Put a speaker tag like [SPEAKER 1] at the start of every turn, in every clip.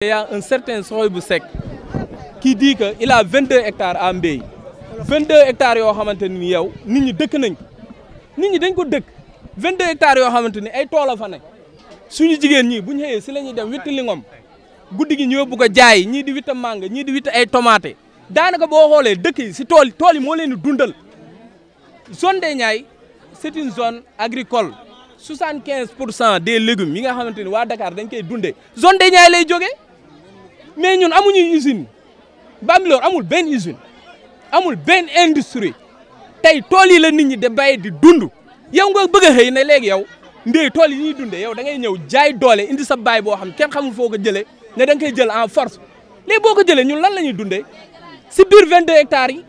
[SPEAKER 1] Il y a un certain Sohaibou Seck qui dit que il a 22 hectares à mbéy 22 hectares yoo xamante ni yow nit ñi dëkk nañ ko nit ñi dañ ko dëkk 22 hectares yoo xamante ni ay tool a fa ne suñu jigéen ñi bu ñu xëyee si la ñuy dem witti lingom guddi gi ñu yóbbu ko jaay ñii di witta màng ñii di witta ay tomate daanaka boo xoolee dëkk yi si tool tool yi moo leen di dundal zone des Niayes c'est une zone agricole 75 pour cent des légumes yi nga xamante ni waa Dakar dañ koy dundee zone des Niayes lay jógee. mais ñun amuñu usine Bambilor amul benn usine amul benn industrie tey tool yi la nit ñi de bàyyi di dund yow nga bëgg xëy na léegi yow ndey tool yi ñuy dundee yow da ngay ñëw jaay doole indi sa baay boo xam kenn xamu foo ko jëlee ne da nga koy jël en force léegi boo ko jëlee ñun lan la ñuy dundee si biir 22 hectares yi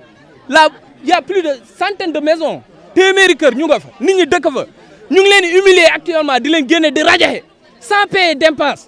[SPEAKER 1] la y a plus de centaine de maisons téeméeri kër ñu nga fa nit ñi dëkk fa ñu ngi leen di actuellement di leen génne di rajaxe sans payer dépense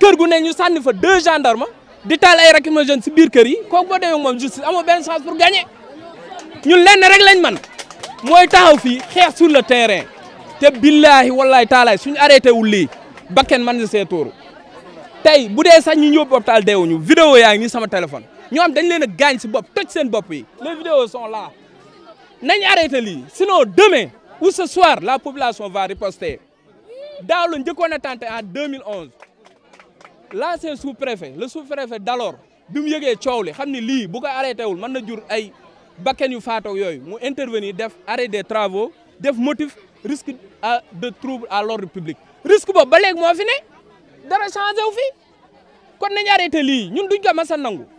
[SPEAKER 1] kër gu ne ñu sànni fa deux gendarmes di taal ay lacrymogène si biir kër yi kooku boo demee moom justice amoo benn chance pour gagner ñun na rek lañ man mooy taxaw fii xeex sur le terrain te billaahi wallaahi taalaay suñu arrêté wul lii bakken man na see tuuru tey bu dee sax ñu yóbbu hôpital deewuñu vidéo yaa ngi nii sama téléphone ñoo am dañ leen a gaañ si bopp toj seen bopp yi les vidéos sont là nañ arrêté lii sinon demain ou ce soir la population va riposter daaw la njëkkoon a tenté en l'ancien sous-préfet le sous-préfet d'alors bi mu yëgee coow li bu ko arrêté wul mën na jur ay bakken yu faato yoy mu intervenir def arrêt des travaux def motif risque de trouble à l'ordre public risque bob ba léegi mo fi né dara changé wu fi kon nañu arrêté li, ñun duñ ko massa nangou.